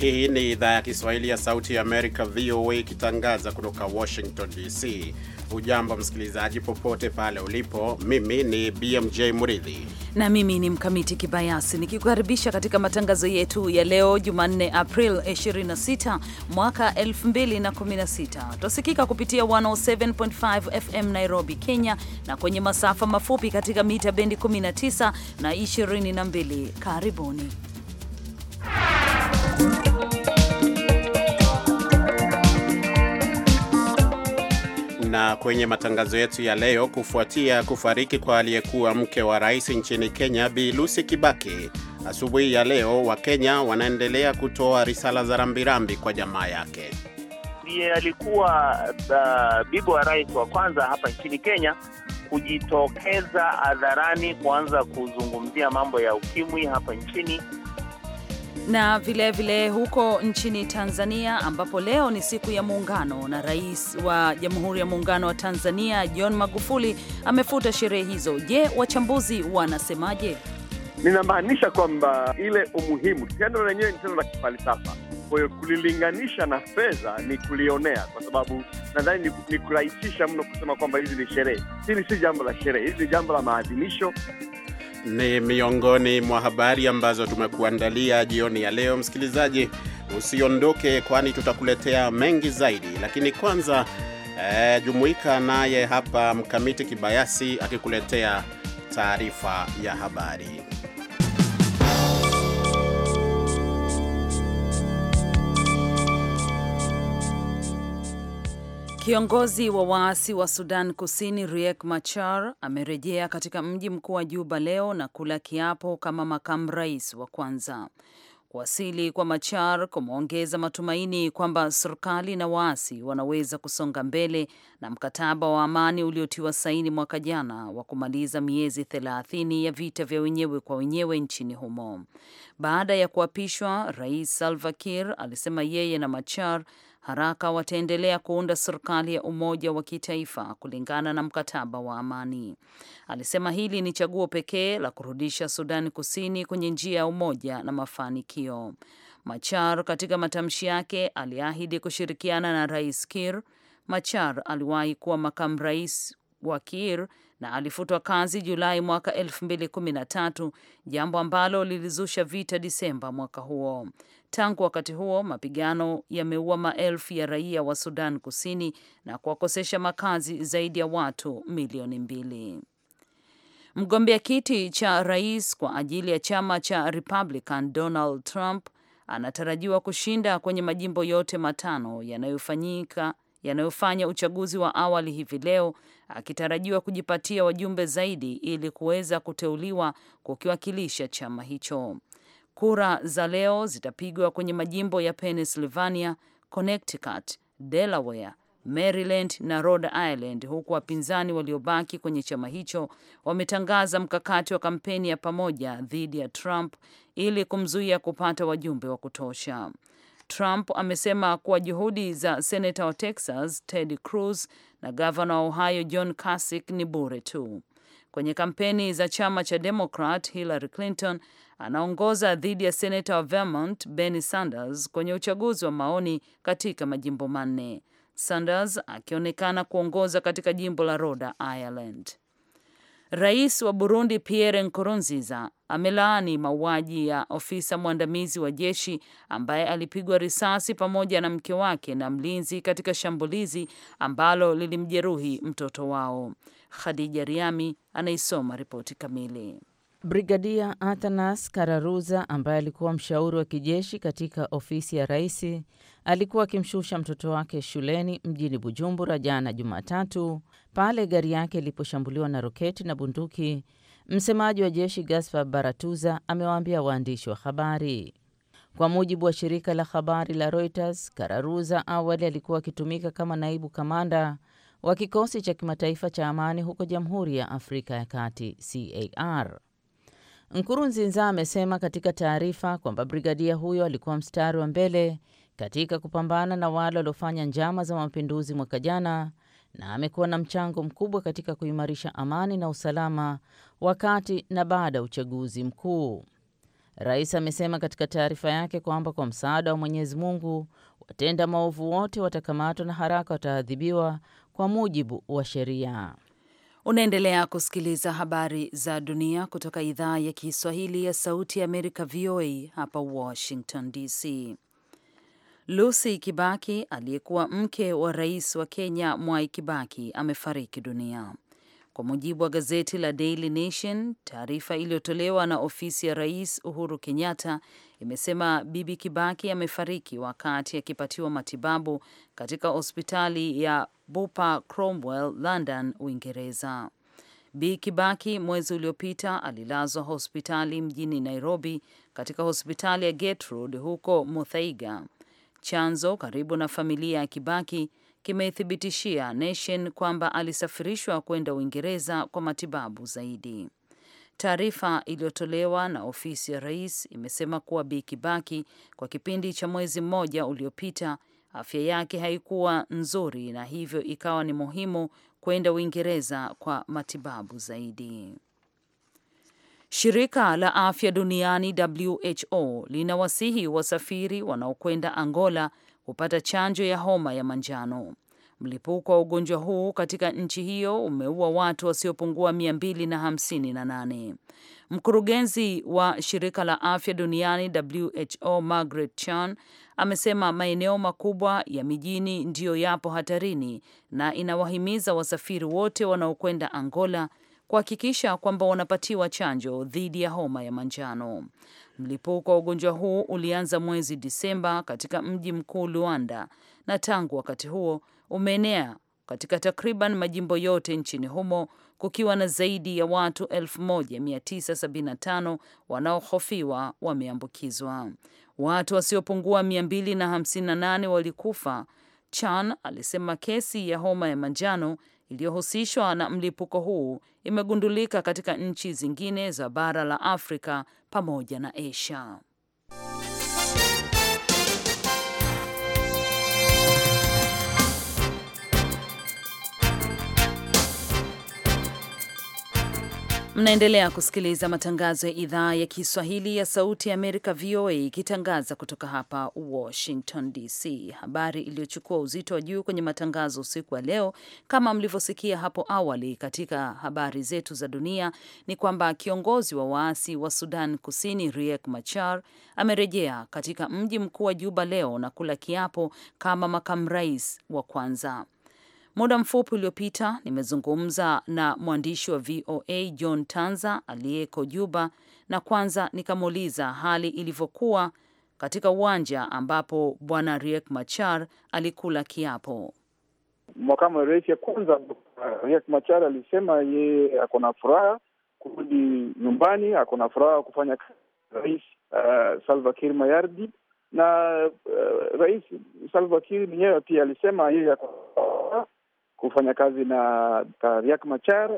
Hii ni idhaa ya Kiswahili ya Sauti ya Amerika, VOA, ikitangaza kutoka Washington DC. ujambo msikilizaji, popote pale ulipo. Mimi ni BMJ Muridhi na mimi ni Mkamiti Kibayasi nikikukaribisha katika matangazo yetu ya leo Jumanne, April 26 mwaka 2016. Twasikika kupitia 107.5 FM Nairobi, Kenya, na kwenye masafa mafupi katika mita bendi 19 na 22. Karibuni. na kwenye matangazo yetu ya leo, kufuatia kufariki kwa aliyekuwa mke wa rais nchini Kenya Bi Lucy Kibaki, asubuhi ya leo Wakenya wanaendelea kutoa risala za rambirambi kwa jamaa yake. Ndiye alikuwa uh, bibi wa rais wa kwanza hapa nchini Kenya kujitokeza hadharani kuanza kuzungumzia mambo ya ukimwi hapa nchini na vilevile vile huko nchini Tanzania ambapo leo ni siku ya Muungano, na Rais wa Jamhuri ya Muungano wa Tanzania John Magufuli amefuta sherehe hizo. Je, wachambuzi wanasemaje? Ninamaanisha kwamba ile umuhimu, tendo lenyewe ni tendo la kifalsafa, kwa hiyo kulilinganisha na fedha ni kulionea, kwa sababu nadhani ni, ni kurahisisha mno kusema kwamba hizi ni sherehe. Hili si jambo la sherehe, hili ni jambo la maadhimisho ni miongoni mwa habari ambazo tumekuandalia jioni ya leo. Msikilizaji, usiondoke, kwani tutakuletea mengi zaidi, lakini kwanza eh, jumuika naye hapa Mkamiti Kibayasi akikuletea taarifa ya habari. Kiongozi wa waasi wa Sudan Kusini Riek Machar amerejea katika mji mkuu wa Juba leo na kula kiapo kama makamu rais wa kwanza. Kuwasili kwa Machar kumeongeza matumaini kwamba serikali na waasi wanaweza kusonga mbele na mkataba wa amani uliotiwa saini mwaka jana wa kumaliza miezi thelathini ya vita vya wenyewe kwa wenyewe nchini humo. Baada ya kuapishwa, Rais Salva Kiir alisema yeye na Machar haraka wataendelea kuunda serikali ya umoja wa kitaifa kulingana na mkataba wa amani. Alisema hili ni chaguo pekee la kurudisha Sudani Kusini kwenye njia ya umoja na mafanikio. Machar katika matamshi yake aliahidi kushirikiana na Rais Kir. Machar aliwahi kuwa makamu rais wa Kir na alifutwa kazi Julai mwaka 2013, jambo ambalo lilizusha vita Disemba mwaka huo. Tangu wakati huo mapigano yameua maelfu ya raia wa Sudan Kusini na kuwakosesha makazi zaidi ya watu milioni mbili. Mgombea kiti cha rais kwa ajili ya chama cha Republican Donald Trump anatarajiwa kushinda kwenye majimbo yote matano yanayofanyika yanayofanya uchaguzi wa awali hivi leo akitarajiwa kujipatia wajumbe zaidi ili kuweza kuteuliwa kukiwakilisha chama hicho. Kura za leo zitapigwa kwenye majimbo ya Pennsylvania, Connecticut, Delaware, Maryland na Rhode Island, huku wapinzani waliobaki kwenye chama hicho wametangaza mkakati wa kampeni ya pamoja dhidi ya Trump ili kumzuia kupata wajumbe wa kutosha. Trump amesema kuwa juhudi za senata wa Texas Ted Cruz na gavana wa Ohio John Kasich ni bure tu. Kwenye kampeni za chama cha Demokrat, Hillary Clinton anaongoza dhidi ya senata wa Vermont Bernie Sanders kwenye uchaguzi wa maoni katika majimbo manne, Sanders akionekana kuongoza katika jimbo la Rhode Island. Rais wa Burundi Pierre Nkurunziza amelaani mauaji ya ofisa mwandamizi wa jeshi ambaye alipigwa risasi pamoja na mke wake na mlinzi katika shambulizi ambalo lilimjeruhi mtoto wao. Khadija Riami anaisoma ripoti kamili. Brigadia Atanas Kararuza ambaye alikuwa mshauri wa kijeshi katika ofisi ya raisi alikuwa akimshusha mtoto wake shuleni mjini Bujumbura jana Jumatatu pale gari yake iliposhambuliwa na roketi na bunduki. Msemaji wa jeshi Gaspar Baratuza amewaambia waandishi wa habari. Kwa mujibu wa shirika la habari la Reuters, Kararuza awali alikuwa akitumika kama naibu kamanda wa kikosi cha kimataifa cha amani huko Jamhuri ya Afrika ya Kati CAR. Nkurunziza amesema katika taarifa kwamba brigadia huyo alikuwa mstari wa mbele katika kupambana na wale waliofanya njama za mapinduzi mwaka jana na amekuwa na mchango mkubwa katika kuimarisha amani na usalama wakati na baada ya uchaguzi mkuu. Rais amesema katika taarifa yake kwamba kwa msaada wa Mwenyezi Mungu watenda maovu wote watakamatwa na haraka wataadhibiwa kwa mujibu wa sheria. Unaendelea kusikiliza habari za dunia kutoka idhaa ya Kiswahili ya Sauti ya Amerika, VOA hapa Washington DC. Lucy Kibaki aliyekuwa mke wa rais wa Kenya Mwai Kibaki amefariki dunia. Kwa mujibu wa gazeti la Daily Nation, taarifa iliyotolewa na ofisi ya Rais Uhuru Kenyatta imesema Bibi Kibaki amefariki wakati akipatiwa matibabu katika hospitali ya Bupa Cromwell, London, Uingereza. Bi Kibaki mwezi uliopita alilazwa hospitali mjini Nairobi katika hospitali ya Gertrude huko Muthaiga. Chanzo karibu na familia ya Kibaki kimeithibitishia Nation kwamba alisafirishwa kwenda Uingereza kwa matibabu zaidi. Taarifa iliyotolewa na ofisi ya rais imesema kuwa Bi Kibaki kwa kipindi cha mwezi mmoja uliopita afya yake haikuwa nzuri na hivyo ikawa ni muhimu kwenda Uingereza kwa matibabu zaidi. Shirika la Afya Duniani WHO linawasihi wasafiri wanaokwenda Angola kupata chanjo ya homa ya manjano. Mlipuko wa ugonjwa huu katika nchi hiyo umeua watu wasiopungua nane. Mkurugenzi wa shirika la afya duniani WHO Margaret Chan amesema maeneo makubwa ya mijini ndiyo yapo hatarini, na inawahimiza wasafiri wote wanaokwenda Angola kuhakikisha kwamba wanapatiwa chanjo dhidi ya homa ya manjano. Mlipuko wa ugonjwa huu ulianza mwezi Disemba katika mji mkuu Luanda na tangu wakati huo umeenea katika takriban majimbo yote nchini humo kukiwa na zaidi ya watu 1975 wanaohofiwa wameambukizwa. Watu wasiopungua 258 walikufa. Chan alisema kesi ya homa ya manjano iliyohusishwa na mlipuko huu imegundulika katika nchi zingine za bara la Afrika pamoja na Asia. Mnaendelea kusikiliza matangazo ya idhaa ya Kiswahili ya Sauti ya Amerika, VOA, ikitangaza kutoka hapa Washington DC. Habari iliyochukua uzito wa juu kwenye matangazo usiku wa leo, kama mlivyosikia hapo awali katika habari zetu za dunia, ni kwamba kiongozi wa waasi wa Sudan Kusini Riek Machar amerejea katika mji mkuu wa Juba leo na kula kiapo kama makamu rais wa kwanza. Muda mfupi uliopita nimezungumza na mwandishi wa VOA John Tanza aliyeko Juba, na kwanza nikamuuliza hali ilivyokuwa katika uwanja ambapo bwana Riek Machar alikula kiapo. Makamu wa rais ya kwanza Riek Machar alisema yeye ako na furaha kurudi nyumbani, ako na furaha kufanya kazi rais uh, Salva Kiir Mayardi na uh, rais Salva Kiir mwenyewe pia alisema yeye ako kufanya kazi na riak Machar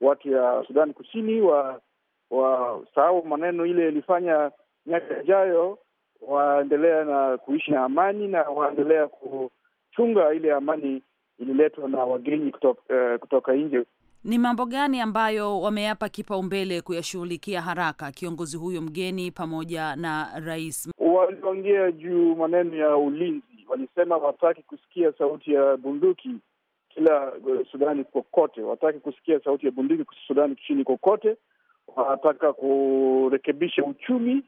watu ya Sudan Kusini wa maneno ile ilifanya miaka ijayo, waendelea na kuishi na amani na waendelea kuchunga ile amani ililetwa na wageni kutoka, uh, kutoka nje. Ni mambo gani ambayo wameyapa kipaumbele kuyashughulikia haraka kiongozi huyo mgeni pamoja na rais? Waliongea juu maneno ya ulinzi, walisema wataki kusikia sauti ya bunduki kila eh, Sudani kokote, wataki kusikia sauti ya bunduki Sudani chini kokote, wanataka kurekebisha uchumi,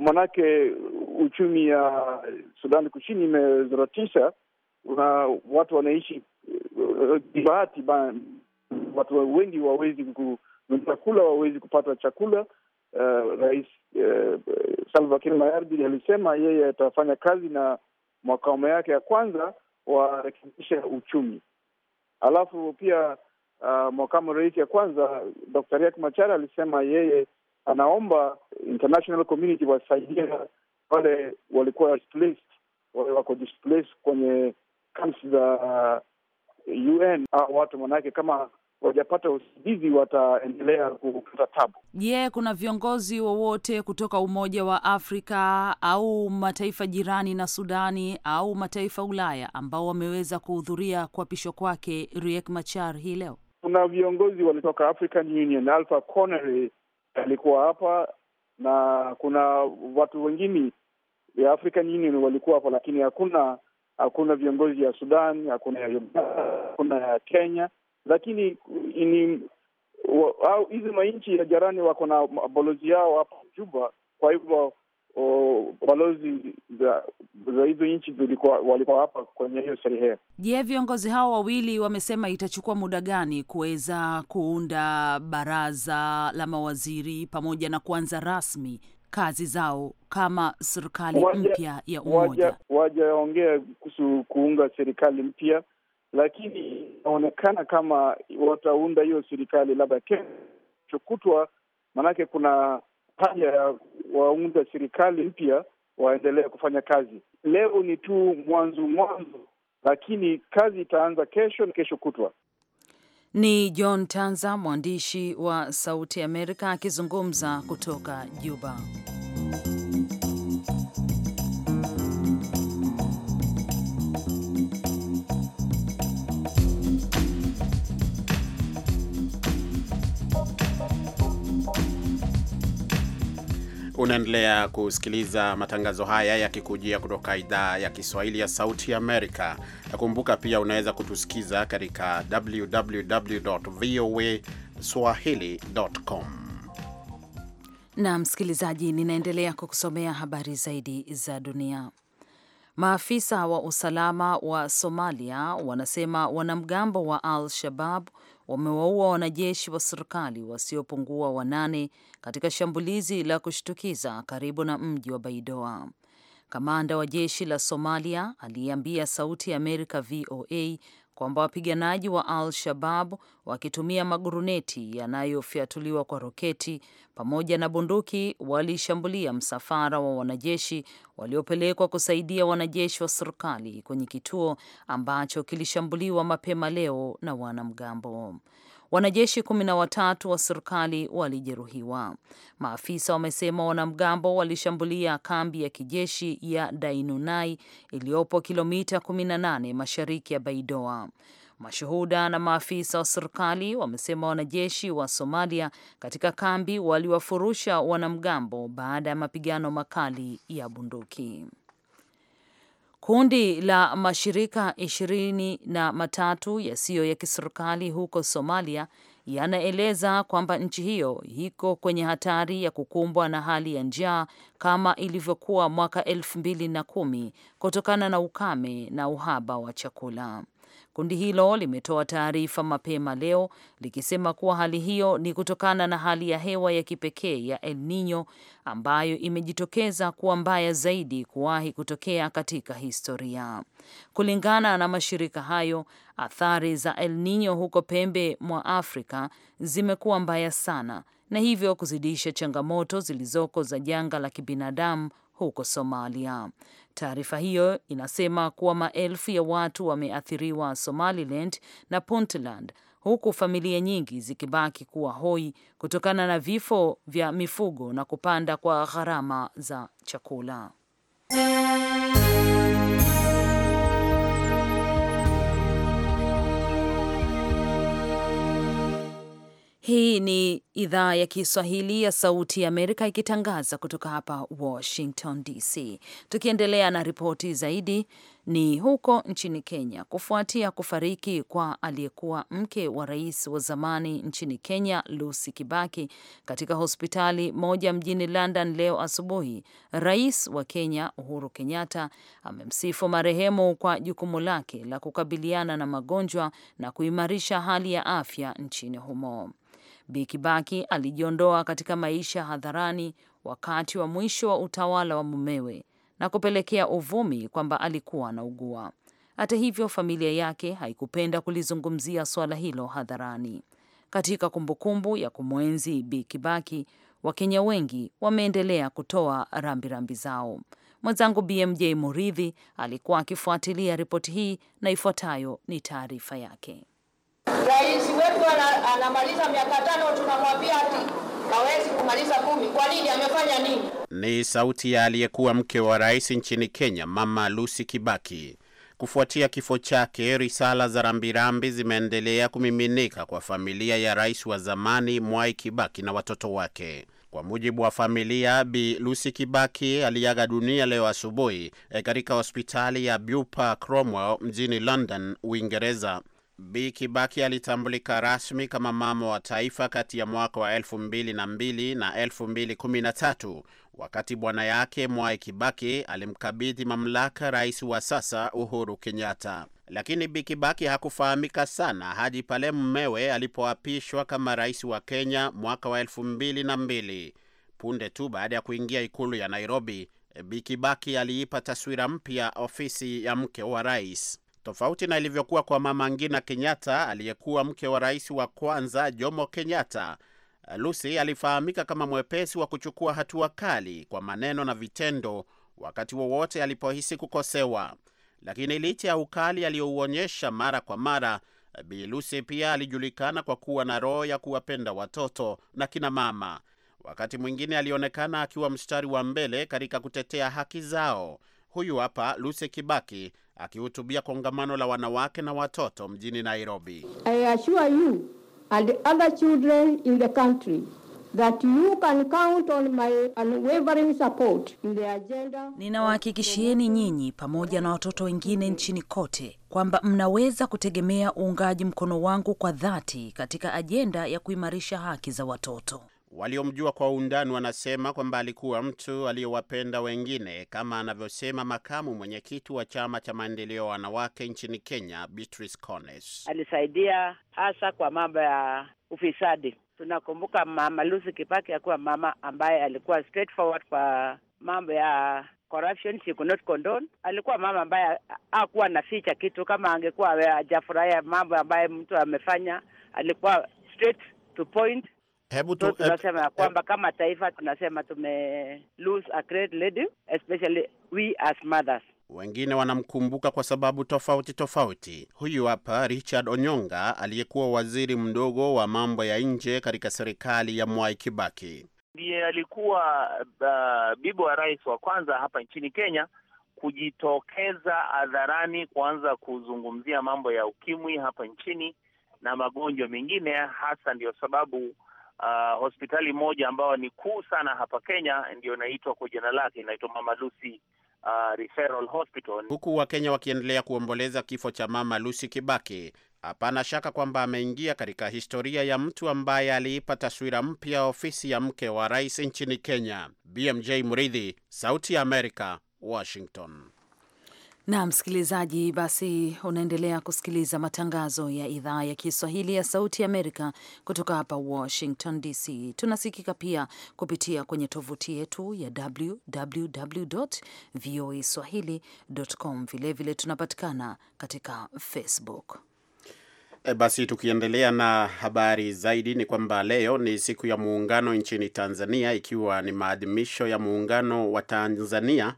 manake eh, uchumi ya Sudani Kusini imezoratisha na watu wanaishi kibahati. Eh, watu wengi wawezi kununua wawezi kupata chakula. Uh, Rais uh, Salva Kiir alisema yeye atafanya kazi na makao yake ya kwanza warekebisha uchumi. Alafu pia uh, makamu rais ya kwanza Dr. Riek Machar alisema yeye anaomba international community wasaidia wale walikuwa displaced, wale wako displaced kwenye camps za uh, UN au watu manake kama wajapata usaidizi wataendelea kupata tabu. Je, yeah, kuna viongozi wowote kutoka Umoja wa Afrika au mataifa jirani na Sudani au mataifa Ulaya ambao wameweza kuhudhuria kuapishwa kwake Riek Machar hii leo? Kuna viongozi walitoka African Union, Alpha alikuwa hapa na kuna watu wengine ya African Union walikuwa hapa, lakini hakuna hakuna viongozi ya Sudan, hakuna ya Uganda, hakuna ya Kenya lakini uh, ni au hizi manchi ya jirani wako na mabalozi yao hapa Juba. Kwa hivyo balozi za za hizo nchi walikuwa hapa kwenye hiyo sherehe. Je, viongozi hao wawili wamesema itachukua muda gani kuweza kuunda baraza la mawaziri pamoja na kuanza rasmi kazi zao kama serikali mpya ya umoja? Wajaongea kuhusu kuunga serikali mpya lakini inaonekana kama wataunda hiyo serikali labda keshokutwa, maanake kuna haja ya waunda serikali mpya waendelee kufanya kazi. Leo ni tu mwanzo mwanzo, lakini kazi itaanza kesho na kesho kutwa. Ni John Tanza, mwandishi wa Sauti Amerika, akizungumza kutoka Juba. Unaendelea kusikiliza matangazo haya yakikujia kutoka idhaa ya Kiswahili ya Sauti Amerika. Nakumbuka pia unaweza kutusikiza katika www voa swahili.com na msikilizaji, ninaendelea kukusomea habari zaidi za dunia. Maafisa wa usalama wa Somalia wanasema wanamgambo wa Al Shabab wamewaua wanajeshi wa serikali wasiopungua wanane katika shambulizi la kushtukiza karibu na mji wa Baidoa. Kamanda wa jeshi la Somalia aliyeambia Sauti ya Amerika VOA kwamba wapiganaji wa Al-Shabab wakitumia maguruneti yanayofyatuliwa kwa roketi pamoja na bunduki walishambulia msafara wa wanajeshi waliopelekwa kusaidia wanajeshi wa serikali kwenye kituo ambacho kilishambuliwa mapema leo na wanamgambo. Wanajeshi kumi na watatu wa serikali walijeruhiwa. Maafisa wamesema wanamgambo walishambulia kambi ya kijeshi ya Dainunai iliyopo kilomita 18 mashariki ya Baidoa. Mashuhuda na maafisa wa serikali wamesema wanajeshi wa Somalia katika kambi waliwafurusha wanamgambo baada ya mapigano makali ya bunduki. Kundi la mashirika ishirini na matatu yasiyo ya kiserikali huko Somalia yanaeleza kwamba nchi hiyo iko kwenye hatari ya kukumbwa na hali ya njaa kama ilivyokuwa mwaka elfu mbili na kumi kutokana na ukame na uhaba wa chakula. Kundi hilo limetoa taarifa mapema leo likisema kuwa hali hiyo ni kutokana na hali ya hewa ya kipekee ya El Nino ambayo imejitokeza kuwa mbaya zaidi kuwahi kutokea katika historia. Kulingana na mashirika hayo, athari za El Nino huko pembe mwa Afrika zimekuwa mbaya sana na hivyo kuzidisha changamoto zilizoko za janga la kibinadamu huko Somalia. Taarifa hiyo inasema kuwa maelfu ya watu wameathiriwa Somaliland na Puntland huku familia nyingi zikibaki kuwa hoi kutokana na vifo vya mifugo na kupanda kwa gharama za chakula. Hii ni idhaa ya Kiswahili ya Sauti ya Amerika ikitangaza kutoka hapa Washington DC. Tukiendelea na ripoti zaidi, ni huko nchini Kenya kufuatia kufariki kwa aliyekuwa mke wa rais wa zamani nchini Kenya, Lucy Kibaki, katika hospitali moja mjini London leo asubuhi. Rais wa Kenya Uhuru Kenyatta amemsifu marehemu kwa jukumu lake la kukabiliana na magonjwa na kuimarisha hali ya afya nchini humo. Bi Kibaki alijiondoa katika maisha hadharani wakati wa mwisho wa utawala wa mumewe na kupelekea uvumi kwamba alikuwa anaugua. Hata hivyo, familia yake haikupenda kulizungumzia suala hilo hadharani. Katika kumbukumbu ya kumwenzi Bi Kibaki, Wakenya wengi wameendelea kutoa rambirambi rambi zao. Mwenzangu BMJ Muridhi alikuwa akifuatilia ripoti hii na ifuatayo ni taarifa yake. Rais wetu anamaliza miaka tano, tunamwambia ati hawezi kumaliza kumi. Kwa nini? Amefanya nini? Ni sauti ya aliyekuwa mke wa rais nchini Kenya, Mama Lucy Kibaki. Kufuatia kifo chake, risala za rambirambi zimeendelea kumiminika kwa familia ya rais wa zamani Mwai Kibaki na watoto wake. Kwa mujibu wa familia, Bi Lucy Kibaki aliaga dunia leo asubuhi eh, katika hospitali ya Bupa Cromwell mjini London, Uingereza. Bi Kibaki alitambulika rasmi kama mama wa taifa kati ya mwaka wa 2002 na 2013 wakati bwana yake Mwai Kibaki alimkabidhi mamlaka rais wa sasa Uhuru Kenyatta. Lakini Bi Kibaki hakufahamika sana hadi pale mmewe alipoapishwa kama rais wa Kenya mwaka wa 2002. Punde tu baada ya kuingia ikulu ya Nairobi, Bi Kibaki aliipa taswira mpya ofisi ya mke wa rais tofauti na ilivyokuwa kwa Mama Ngina Kenyatta aliyekuwa mke wa rais wa kwanza Jomo Kenyatta. Lucy alifahamika kama mwepesi wa kuchukua hatua kali kwa maneno na vitendo wakati wowote alipohisi kukosewa. Lakini licha ya ukali aliyouonyesha mara kwa mara, Bi Lucy pia alijulikana kwa kuwa na roho ya kuwapenda watoto na kina mama. Wakati mwingine alionekana akiwa mstari wa mbele katika kutetea haki zao. Huyu hapa Lucy Kibaki akihutubia kongamano la wanawake na watoto mjini Nairobi. I assure you and the other children in the country that you can count on my unwavering support in the agenda. Ninawahakikishieni nyinyi pamoja na watoto wengine nchini kote kwamba mnaweza kutegemea uungaji mkono wangu kwa dhati katika ajenda ya kuimarisha haki za watoto. Waliomjua kwa undani wanasema kwamba alikuwa mtu aliyewapenda wengine, kama anavyosema makamu mwenyekiti wa chama cha maendeleo wanawake nchini Kenya, Beatrice Alisaidia hasa kwa mambo ya ufisadi. Tunakumbuka Mama Lucy Kipaki akuwa mama ambaye alikuwa straightforward kwa mambo ya corruption she could not condone. Alikuwa mama ambaye hakuwa ficha kitu, kama angekuwa hajafurahia mambo ambaye mtu amefanya, alikuwa straight to point Hebu tu, so, tunasema hebu, kwamba kama taifa tunasema tume lose a great lady especially we as mothers. Wengine wanamkumbuka kwa sababu tofauti tofauti. Huyu hapa Richard Onyonga aliyekuwa waziri mdogo wa mambo ya nje katika serikali ya Mwai Kibaki, ndiye alikuwa uh, bibi wa rais wa kwanza hapa nchini Kenya kujitokeza hadharani kuanza kuzungumzia mambo ya ukimwi hapa nchini na magonjwa mengine, hasa ndiyo sababu uh, hospitali moja ambayo ni kuu sana hapa Kenya, ndio inaitwa kwa jina lake, inaitwa Mama Lucy uh, Referral Hospital. Huku Wakenya wakiendelea kuomboleza kifo cha Mama Lucy Kibaki, hapana shaka kwamba ameingia katika historia ya mtu ambaye aliipa taswira mpya ofisi ya mke wa rais nchini Kenya. BMJ Muridhi, Sauti ya Amerika, Washington. Na msikilizaji, basi unaendelea kusikiliza matangazo ya idhaa ya Kiswahili ya Sauti Amerika kutoka hapa Washington DC. Tunasikika pia kupitia kwenye tovuti yetu ya www voa swahili.com. Vilevile tunapatikana katika Facebook. E, basi tukiendelea na habari zaidi ni kwamba leo ni siku ya muungano nchini Tanzania, ikiwa ni maadhimisho ya muungano wa Tanzania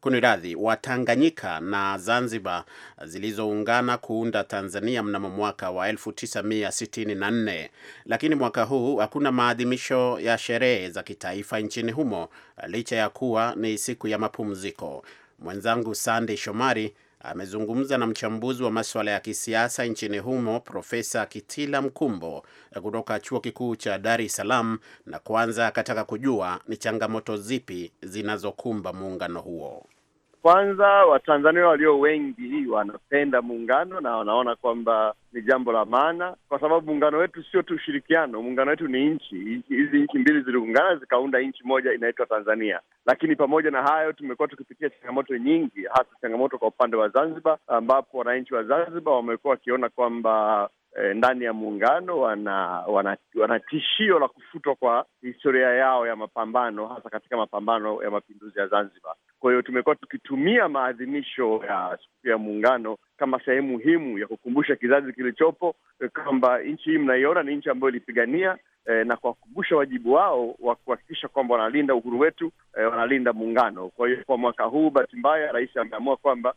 kuniradhi wa Tanganyika na Zanzibar zilizoungana kuunda Tanzania mnamo mwaka wa 1964, lakini mwaka huu hakuna maadhimisho ya sherehe za kitaifa nchini humo licha ya kuwa ni siku ya mapumziko. Mwenzangu Sandy Shomari amezungumza na mchambuzi wa maswala ya kisiasa nchini humo Profesa Kitila Mkumbo kutoka chuo kikuu cha Dar es Salaam, na kwanza akataka kujua ni changamoto zipi zinazokumba muungano huo. Kwanza Watanzania walio wengi wanapenda muungano na wanaona kwamba ni jambo la maana, kwa sababu muungano wetu sio tu ushirikiano. Muungano wetu ni nchi. Hizi nchi mbili ziliungana zikaunda nchi moja inaitwa Tanzania. Lakini pamoja na hayo, tumekuwa tukipitia changamoto nyingi, hasa changamoto kwa upande wa Zanzibar, ambapo wananchi wa Zanzibar wamekuwa wakiona kwamba eh, ndani ya muungano wana, wana, wana tishio la kufutwa kwa historia yao ya mapambano, hasa katika mapambano ya mapinduzi ya Zanzibar. Kwa hiyo tumekuwa tukitumia maadhimisho ya sikukuu ya muungano kama sehemu muhimu ya kukumbusha kizazi kilichopo eh, kwamba nchi hii mnaiona ni nchi ambayo ilipigania eh, na kuwakumbusha wajibu wao wa kuhakikisha kwamba wanalinda uhuru wetu eh, wanalinda muungano. Kwa hiyo kwa mwaka huu bahati mbaya rais ameamua kwamba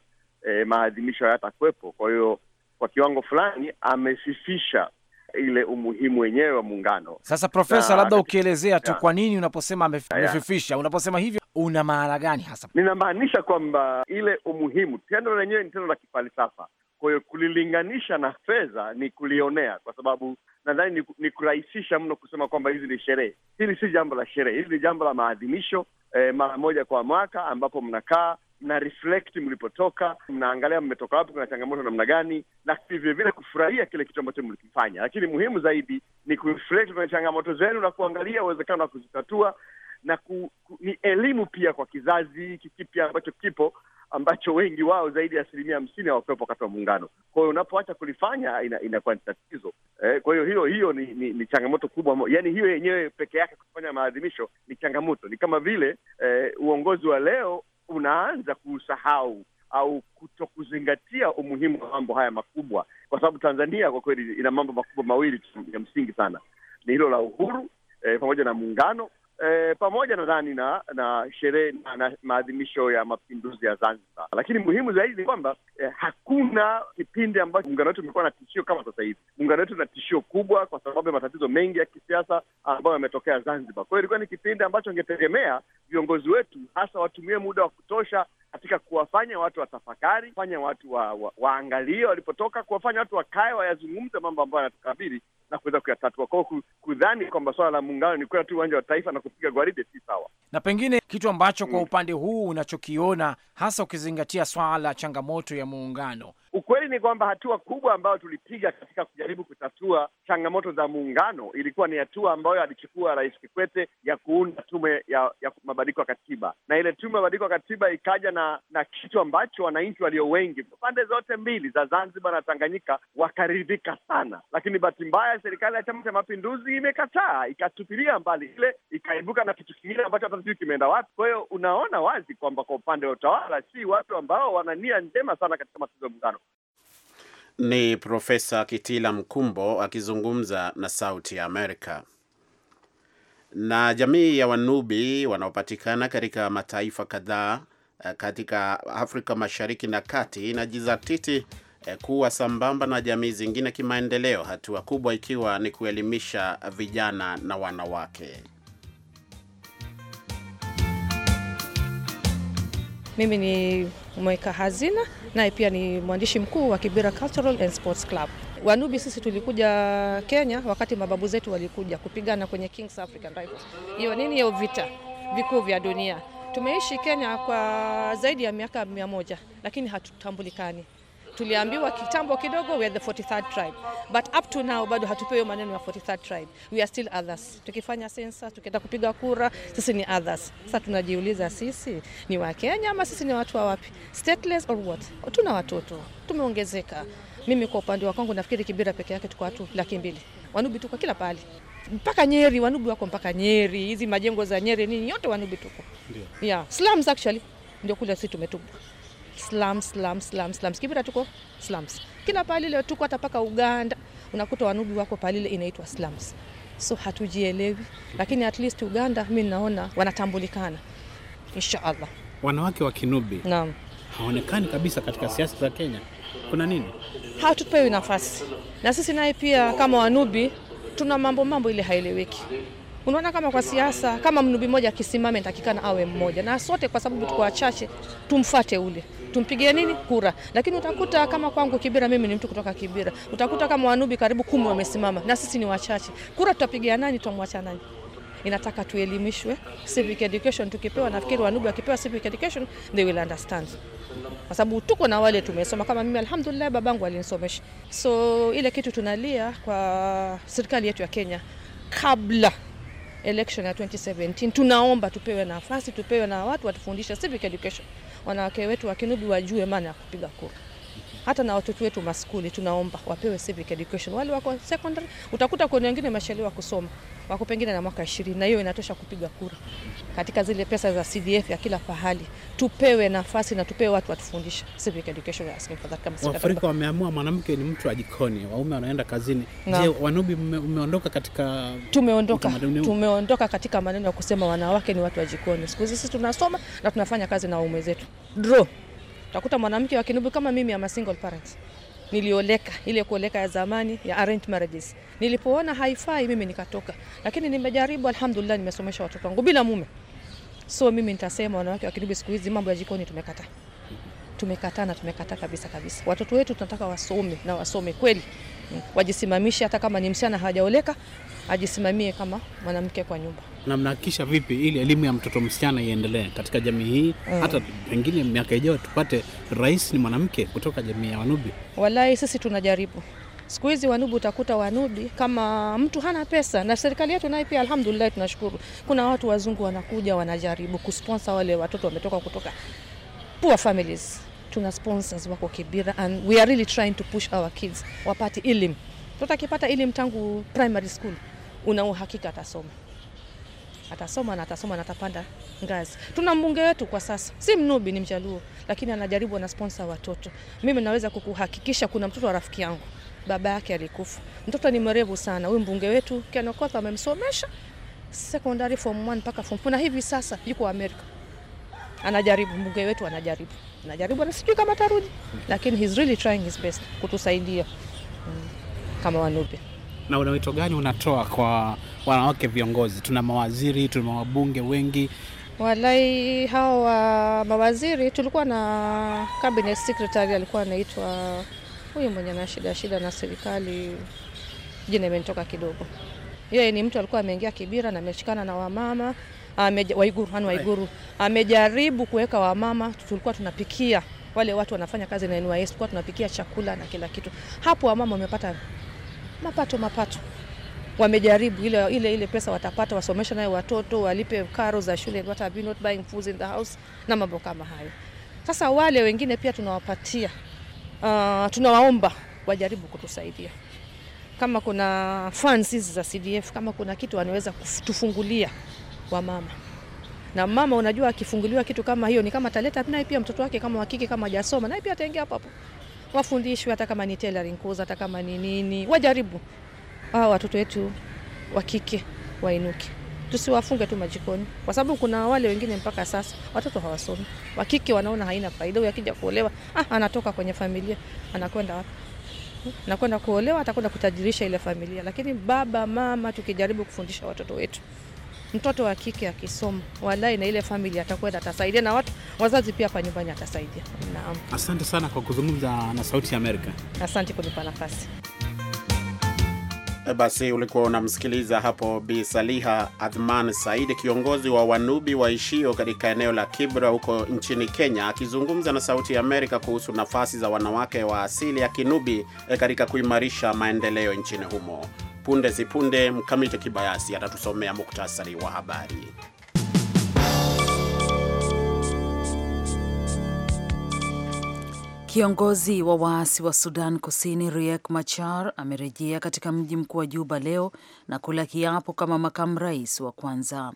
eh, maadhimisho hayatakuwepo. Kwa hiyo kwa kiwango fulani amesifisha ile umuhimu wenyewe wa muungano. Sasa profesa, labda ukielezea tu kwa nini unaposema amefifisha, unaposema hivyo una maana gani hasa? Ninamaanisha kwamba ile umuhimu, tendo lenyewe ni tendo la kifalsafa, kwa hiyo kulilinganisha na fedha ni kulionea, kwa sababu nadhani ni, ni kurahisisha mno kusema kwamba hizi ni sherehe. Hili si jambo la sherehe, hili ni jambo la maadhimisho eh, mara moja kwa mwaka ambapo mnakaa mna reflect mlipotoka, mnaangalia mmetoka wapi, kuna changamoto namna gani, lakini vilevile kufurahia kile kitu ambacho mlikifanya. Lakini muhimu zaidi ni kureflect kwenye changamoto zenu na kuangalia uwezekano wa kuzitatua na ku, ku, ni elimu pia kwa kizazi hiki kipya ambacho kipo ambacho wengi wao zaidi ya asilimia hamsini hawakuwepo wakati wa muungano. Kwa hiyo unapoacha kulifanya inakuwa ina ni tatizo eh. Kwa hiyo hiyo hiyo ni, ni, ni changamoto kubwa, yaani hiyo yenyewe peke yake kufanya maadhimisho ni changamoto. Ni kama vile eh, uongozi wa leo unaanza kuusahau au kutokuzingatia umuhimu wa mambo haya makubwa, kwa sababu Tanzania kwa kweli ina mambo makubwa mawili ya msingi sana, ni hilo la uhuru eh, pamoja na muungano e, pamoja nadhani na na sherehe na, na maadhimisho ya mapinduzi ya Zanzibar, lakini muhimu zaidi ni kwamba eh, hakuna kipindi ambacho muungano wetu umekuwa na tishio kama sasa hivi. Muungano wetu na tishio kubwa kwa sababu ya matatizo mengi ya kisiasa ambayo yametokea Zanzibar. Kwa hiyo ilikuwa ni kipindi ambacho angetegemea viongozi wetu hasa watumie muda wa kutosha katika kuwafanya watu watafakari, kufanya watu wa, wa, waangalie walipotoka, kuwafanya watu wakae wayazungumze mambo ambayo yanatukabili na kuweza kuyatatua. Kwa hiyo kudhani kwamba swala la muungano ni kwenda tu uwanja wa taifa na kupiga gwaride si sawa. Na pengine kitu ambacho kwa mm. upande huu unachokiona hasa ukizingatia swala la changamoto ya muungano Ukweli ni kwamba hatua kubwa ambayo tulipiga katika kujaribu kutatua changamoto za muungano ilikuwa ni hatua ambayo alichukua Rais Kikwete ya kuunda tume ya, ya mabadiliko ya katiba, na ile tume ya mabadiliko ya katiba ikaja na na kitu ambacho wananchi walio wengi pande zote mbili za Zanzibar na Tanganyika wakaridhika sana, lakini bahati mbaya serikali ya Chama cha Mapinduzi imekataa ikatupilia mbali ile, ikaibuka na kitu kingine ambacho hata sijui kimeenda wapi. Kwa hiyo unaona wazi kwamba kwa upande wa utawala si watu ambao wana nia njema sana katika matatizo ya muungano. Ni Profesa Kitila Mkumbo akizungumza na Sauti ya Amerika. Na jamii ya Wanubi wanaopatikana katika mataifa kadhaa eh, katika Afrika Mashariki na Kati inajizatiti eh, kuwa sambamba na jamii zingine kimaendeleo, hatua kubwa ikiwa ni kuelimisha vijana na wanawake. Mimi ni mweka hazina naye pia ni mwandishi mkuu wa Kibera Cultural and Sports Club. Wanubi sisi tulikuja Kenya wakati mababu zetu walikuja kupigana kwenye Kings African Rifles. Hiyo nini hiyo vita vikuu vya dunia. Tumeishi Kenya kwa zaidi ya miaka mia moja lakini hatutambulikani tuliambiwa kitambo kidogo we are the 43rd tribe but up to now bado hatupewi maneno ya 43rd tribe, we are still others. Tukifanya sensa, tukienda kupiga kura, sisi ni others. Sasa tunajiuliza sisi ni wa Kenya ama sisi ni watu wa wapi? Stateless or what? Tuna watoto tumeongezeka. Mimi kwa upande wa kwangu nafikiri Kibera peke yake tuko watu laki mbili, Wanubi tuko kila pale mpaka Nyeri, Wanubi wako mpaka Nyeri, hizi majengo za Nyeri nini, yote Wanubi tuko ndio Yeah. Slums actually ndio kule sisi tumetupwa slums, slums, slums, slums. Kibera tuko slums kila palile, tuko hata paka Uganda unakuta wanubi wako palile inaitwa slums. So hatujielewi, lakini at least Uganda mimi naona wanatambulikana insha Allah. Wanawake wa Kinubi naam, haonekani kabisa katika siasa za Kenya. Kuna nini? Hatupewi nafasi, na sisi naye pia kama Wanubi tuna mambo mambo ile haieleweki. Unaona, kama kwa siasa, kama mnubi mmoja akisimama, takikana awe mmoja na sote, kwa sababu tuko wachache, tumfate ule tumpigie nini kura. Lakini utakuta kama kwangu Kibira, mimi ni mtu kutoka Kibira, utakuta kama Wanubi karibu kumi wamesimama na sisi ni wachache. Kura tutapigia nani? Tutamwacha nani? Inataka tuelimishwe civic education. Tukipewa, nafikiri Wanubi wakipewa civic education they will understand, kwa sababu tuko na wale tumesoma. Kama mimi alhamdulillah, babangu alinisomesha. So ile kitu tunalia kwa serikali yetu ya Kenya kabla election ya 2017. Tunaomba tupewe nafasi, tupewe na watu watufundishe civic education, wanawake wetu wa Kinubi wajue maana ya kupiga kura hata na watoto wetu maskuli tunaomba wapewe civic education. Wale wako secondary, utakuta kuna wengine mashaliwa kusoma wako pengine na mwaka 20 na hiyo inatosha kupiga kura katika zile pesa za CDF ya kila pahali. Tupewe nafasi na tupewe watu watufundishe civic education. Waafrika wameamua mwanamke ni mtu ajikoni, waume wanaenda kazini. Je, Wanubi umeondoka katika? Tumeondoka, tumeondoka katika maneno ya kusema wanawake ni watu wa jikoni. Siku hizi sisi tunasoma na tunafanya kazi na waume zetu draw Utakuta mwanamke wa Kinubi kama mimi ama single parent nilioleka ile kuoleka ya zamani ya arranged marriages. Nilipoona haifai mimi nikatoka, lakini nimejaribu, alhamdulillah, nimesomesha watoto wangu bila mume. So mimi nitasema wanawake wa Kinubi siku hizi mambo ya jikoni tumekata. tumekataa na tumekataa kabisa kabisa. Watoto wetu tunataka wasome na wasome kweli, wajisimamishe. Hata kama ni msichana hajaoleka, ajisimamie kama mwanamke kwa nyumba na mnahakikisha vipi ili elimu ya mtoto msichana iendelee katika jamii hii mm. hata pengine miaka ijayo tupate rais ni mwanamke kutoka jamii ya Wanubi? walai sisi tunajaribu Siku hizi Wanubi utakuta Wanubi kama mtu hana pesa, na serikali yetu nayo pia alhamdulillah, tunashukuru. Kuna watu wazungu wanakuja wanajaribu kusponsor wale watoto wametoka kutoka poor families. Tuna sponsors wako Kibira, and we are really trying to push our kids wapate elimu. Mtoto akipata elimu tangu primary school, una uhakika atasoma atasoma na atasoma na atapanda ngazi. Tuna mbunge wetu kwa sasa, si mnubi, ni Mjaluo, lakini anajaribu, na sponsor watoto. Mimi naweza kukuhakikisha kuna mtoto wa rafiki yangu baba yake alikufa, mtoto ni mwerevu sana. Huyu mbunge wetu Kianokoth amemsomesha secondary form 1 mpaka form 4 na hivi sasa yuko Amerika anajaribu mbunge wetu anajaribu anajaribu, na sijui kama tarudi, lakini he's really trying his best kutusaidia mm, kama Wanubi. Na una gani unatoa kwa wanawake viongozi, tuna mawaziri, tuna wabunge wengi. Walai hawa mawaziri, tulikuwa na cabinet secretary alikuwa anaitwa huyu mwenye na shida shida na serikali, jina imenitoka kidogo. Yeye ni mtu alikuwa ameingia Kibira na ameshikana na wamama Waiguru, hani Waiguru amejaribu kuweka wamama, tulikuwa tunapikia wale watu wanafanya kazi na NYS, tulikuwa tunapikia chakula na kila kitu. Hapo wamama wamepata mapato mapato wamejaribu ile ile ile pesa watapata wasomesha nayo watoto, walipe karo za shule, what have you not buying food in the house na mambo kama hayo. Sasa wale wengine pia tunawapatia uh, tunawaomba wajaribu kutusaidia kama kuna funds hizi za CDF, kama kuna kitu wanaweza kutufungulia wa mama na mama unajua, akifunguliwa kitu kama hiyo ni kama taleta naye pia mtoto wake kama wakike kama hajasoma naye pia ataingia hapo hapo, wafundishwe hata kama ni tailoring course, hata kama ni nini, wajaribu hawa watoto wetu wa kike wainuke, tusiwafunge tu majikoni, kwa sababu kuna wale wengine mpaka sasa watoto hawasomi wa kike, wanaona haina faida. Huyu akija kuolewa, ah, anatoka kwenye familia anakwenda wapi? Nakwenda kuolewa, atakwenda kutajirisha ile familia. Lakini baba mama, tukijaribu kufundisha watoto wetu mtoto wa kike akisoma, walai na ile familia atakwenda atasaidia, na watu wazazi pia hapa nyumbani atasaidia. Naam, asante sana kwa kuzungumza na Sauti ya Amerika. Asante kunipa nafasi. Eh, basi ulikuwa unamsikiliza hapo Bi Saliha Adhman Said, kiongozi wa Wanubi waishio katika eneo la Kibra huko nchini Kenya, akizungumza na Sauti ya Amerika kuhusu nafasi za wanawake wa asili ya Kinubi eh, katika kuimarisha maendeleo nchini humo. Punde si punde, Mkamiti Kibayasi atatusomea muktasari wa habari. Kiongozi wa waasi wa Sudan Kusini Riek Machar amerejea katika mji mkuu wa Juba leo na kula kiapo kama makamu rais wa kwanza.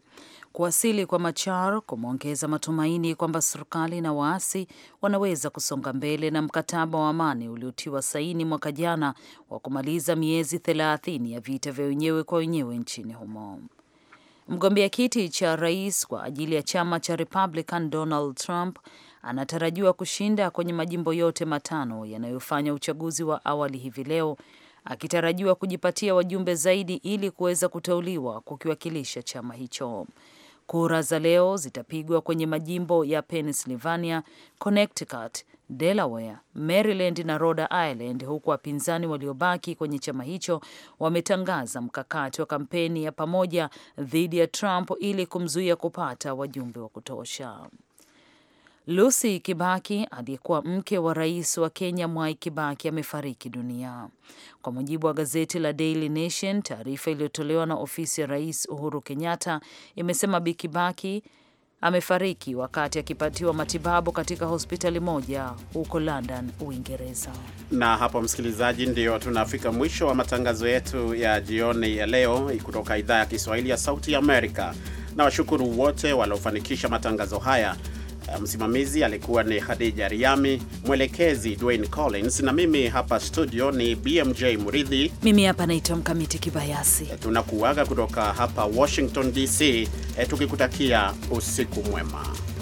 Kuwasili kwa Machar kumeongeza matumaini kwamba serikali na waasi wanaweza kusonga mbele na mkataba wa amani uliotiwa saini mwaka jana wa kumaliza miezi thelathini ya vita vya wenyewe kwa wenyewe nchini humo. Mgombea kiti cha rais kwa ajili ya chama cha Republican Donald Trump anatarajiwa kushinda kwenye majimbo yote matano yanayofanya uchaguzi wa awali hivi leo, akitarajiwa kujipatia wajumbe zaidi ili kuweza kuteuliwa kukiwakilisha chama hicho. Kura za leo zitapigwa kwenye majimbo ya Pennsylvania, Connecticut, Delaware, Maryland na Rhode Island, huku wapinzani waliobaki kwenye chama hicho wametangaza mkakati wa kampeni ya pamoja dhidi ya Trump ili kumzuia kupata wajumbe wa kutosha. Lucy Kibaki aliyekuwa mke wa rais wa Kenya Mwai Kibaki amefariki dunia, kwa mujibu wa gazeti la Daily Nation. Taarifa iliyotolewa na ofisi ya rais Uhuru Kenyatta imesema Bi Kibaki amefariki wakati akipatiwa matibabu katika hospitali moja huko London, Uingereza. Na hapo, msikilizaji, ndio tunafika mwisho wa matangazo yetu ya jioni ya leo kutoka idhaa ya Kiswahili ya Sauti ya Amerika. Nawashukuru wote waliofanikisha matangazo haya Eh, msimamizi alikuwa ni Khadija Riami, mwelekezi Dwayne Collins, na mimi hapa studio ni BMJ Muridhi. Mimi hapa naitwa Mkamiti Kibayasi. Eh, tunakuaga kutoka hapa Washington DC, eh, tukikutakia usiku mwema.